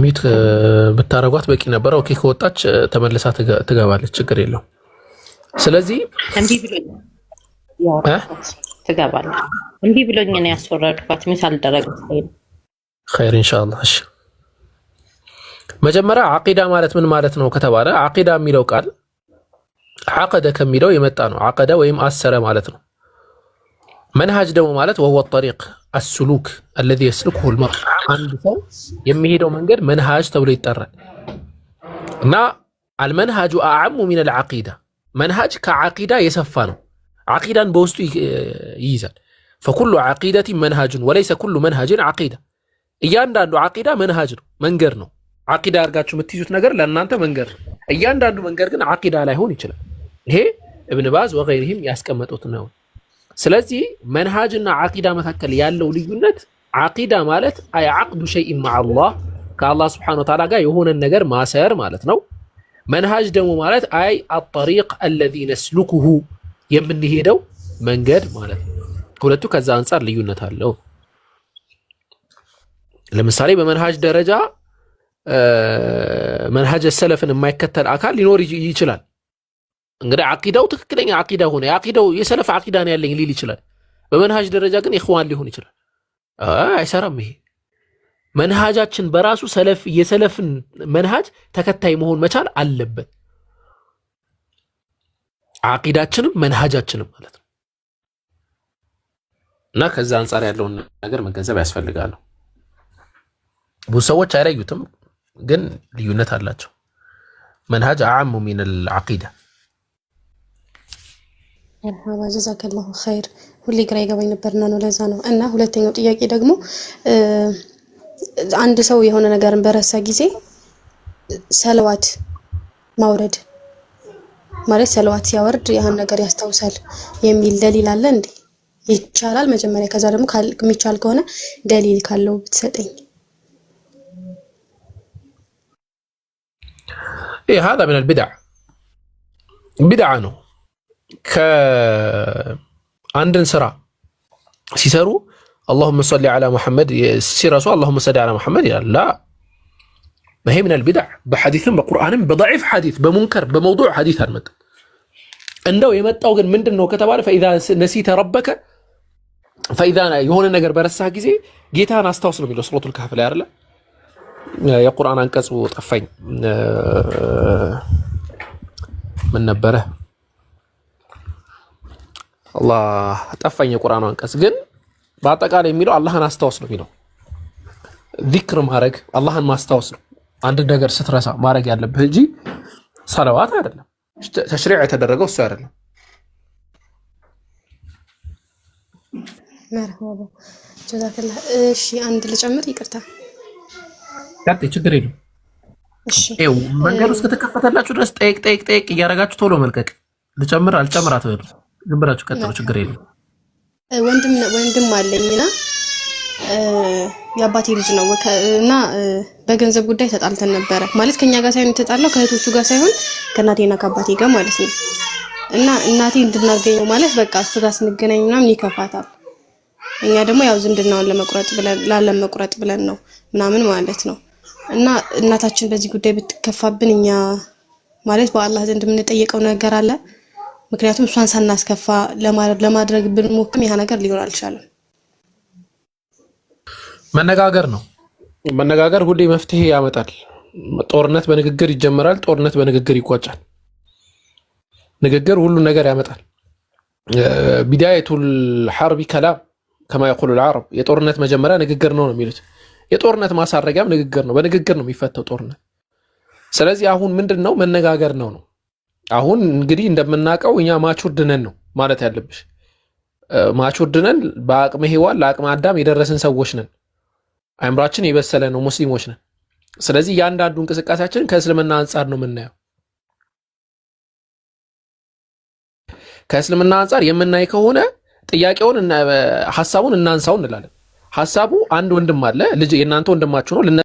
ሚት ብታረጓት በቂ ነበረ ኦኬ ከወጣች ተመልሳ ትገባለች፣ ችግር የለው። ስለዚህ ትገባለች። ብሎኝ ነው ያስወረድኳት። ሚት አልደረገ ኸይር መጀመሪያ አቂዳ ማለት ምን ማለት ነው ከተባለ አቂዳ የሚለው ቃል ዓቀደ ከሚለው የመጣ ነው። ዓቀደ ወይም አሰረ ማለት ነው። መንሃጅ ደግሞ ማለት ወወ ጠሪቅ አሱሉክ አለዚ የስልክ ሁልማ አንድ ሰው የሚሄደው መንገድ መንሃጅ ተብሎ ይጠራል። እና አልመንሃጁ አዕሙ ሚነል ዓቂዳ መንሃጅ ከዓቂዳ የሰፋ ነው። ዓቂዳን በውስጡ ይይዛል። ፈኩሉ ዓቂደቲን መንሃጁን ወለይሰ ኩሉ መንሃጅን ዓቂዳ። እያንዳንዱ ዓቂዳ መንሃጅ ነው፣ መንገድ ነው። ዓቂዳ አድርጋችሁ የምትይዙት ነገር ለእናንተ መንገድ ነው። እያንዳንዱ መንገድ ግን ዓቂዳ ላይሆን ይችላል። ይሄ እብን ባዝ ወገይሪህም ያስቀመጡት ነው። ስለዚህ መንሃጅና ዓቂዳ መካከል ያለው ልዩነት ዓቂዳ ማለት አይ ዓቅዱ ሸይን መዓ አላህ ከአላህ ስብሓነሁ ወተዓላ ጋር የሆነን ነገር ማሰር ማለት ነው። መንሃጅ ደግሞ ማለት አይ አጠሪቅ አለዚ ነስሉኩሁ የምንሄደው መንገድ ማለት ነው። ሁለቱ ከዛ አንጻር ልዩነት አለው። ለምሳሌ በመንሃጅ ደረጃ መንሃጀ ሰለፍን የማይከተል አካል ሊኖር ይችላል። እንግዲህ አቂዳው ትክክለኛ አቂዳ ሆነ የአቂዳው የሰለፍ አቂዳ ነው ያለኝ ሊል ይችላል። በመንሃጅ ደረጃ ግን ኢኽዋን ሊሆን ይችላል። አይሰራም። ይሄ መንሃጃችን በራሱ ሰለፍ የሰለፍን መንሃጅ ተከታይ መሆን መቻል አለበት። አቂዳችንም መንሃጃችንም ማለት ነው እና ከዛ አንጻር ያለውን ነገር መገንዘብ ያስፈልጋሉ። ብዙ ሰዎች አይለዩትም፣ ግን ልዩነት አላቸው። መንሃጅ አዓሙ ሚን አቂዳ መርሃባ ጀዛከላሁ ኸይር። ሁሌ ግራ ይገባኝ ነበርና ነው ለዛ ነው። እና ሁለተኛው ጥያቄ ደግሞ አንድ ሰው የሆነ ነገርን በረሳ ጊዜ ሰለዋት ማውረድ ማለት ሰለዋት ሲያወርድ ያን ነገር ያስታውሳል የሚል ደሊል አለ እንዴ? ይቻላል? መጀመሪያ ከዛ ደግሞ የሚቻል ከሆነ ደሊል ካለው ብትሰጠኝ። ይህ ሀዳ ምን አልቢድዓ ቢድዓ ነው አንድን ስራ ሲሰሩ አላሁመ ሰሊ ዐላ ሙሐመድ ሲረሱ አላሁመ ሰሊ ዐላ ሙሐመድ ይላል። ይሄ ምን አልቢድዕ በሐዲስም በቁርአንም በደዒፍ ሐዲስ በሙንከር በመውዱዕ ሐዲስ አልመጣም። እንደው የመጣው ግን ምንድን ነው ከተባለ ፈኢዛ ነሲተ ረበከ ፈኢዛ የሆነ ነገር በረሳህ ጊዜ ጌታን አስታውስ ነው የሚለው ሱረቱል ካህፍ ላይ አይደለ? የቁርአን አንቀጹ ጠፋኝ ምን ነበረ? አላህ ጠፋኝ። የቁርአኑ አንቀጽ ግን በአጠቃላይ የሚለው አላህን አስታውስ ነው የሚለው። ዚክር ማድረግ አላህን ማስታወስ ነው። አንድ ነገር ስትረሳ ማድረግ ያለብህ እንጂ ሰለዋት አይደለም። ተሽሪዕ የተደረገው እሱ አይደለም። መርሃባ ጀዛከላ። እሺ አንድ ልጨምር፣ ይቅርታ ያጤ ችግር የለም። መንገዱ እስከተከፈተላችሁ ድረስ ጠይቅ ጠይቅ ጠይቅ እያደረጋችሁ ቶሎ መልቀቅ። ልጨምር አልጨምር አትበሉ። ዝም ብላችሁ ችግር የለም። ወንድም ወንድም አለኝና የአባቴ ልጅ ነው እና በገንዘብ ጉዳይ ተጣልተን ነበረ። ማለት ከኛ ጋር ሳይሆን የተጣላው ከእህቶቹ ጋር ሳይሆን ከእናቴና ከአባቴ ጋር ማለት ነው። እና እናቴ እንድናገኘው ማለት በቃ እሱ ጋር ስንገናኝ ምናምን ይከፋታል። እኛ ደግሞ ያው ዝምድናውን ለመቁረጥ ብለን ላለመቁረጥ ብለን ነው ምናምን ማለት ነው። እና እናታችን በዚህ ጉዳይ ብትከፋብን እኛ ማለት በአላህ ዘንድ የምንጠየቀው ነገር አለ ምክንያቱም እሷን ሳናስከፋ ለማድረግ ብንሞክም ያ ነገር ሊሆን አልቻለም። መነጋገር ነው። መነጋገር ሁሌ መፍትሄ ያመጣል። ጦርነት በንግግር ይጀመራል። ጦርነት በንግግር ይቋጫል። ንግግር ሁሉን ነገር ያመጣል። ቢዳየቱል ሐርቢ ከላም ከማ የቁሉል አረብ፣ የጦርነት መጀመሪያ ንግግር ነው ነው የሚሉት። የጦርነት ማሳረጊያም ንግግር ነው። በንግግር ነው የሚፈተው ጦርነት። ስለዚህ አሁን ምንድን ነው መነጋገር ነው ነው አሁን እንግዲህ እንደምናውቀው እኛ ማቹር ድነን ነው ማለት ያለብሽ። ማቹር ድነን በአቅመ ሔዋን ለአቅመ አዳም የደረስን ሰዎች ነን። አይምራችን የበሰለ ነው፣ ሙስሊሞች ነን። ስለዚህ እያንዳንዱ እንቅስቃሴያችን ከእስልምና አንጻር ነው የምናየው። ከእስልምና አንጻር የምናይ ከሆነ ጥያቄውን ሀሳቡን እናንሳው እንላለን። ሀሳቡ አንድ ወንድም አለ ልጅ የእናንተ ወንድማችሁ ነው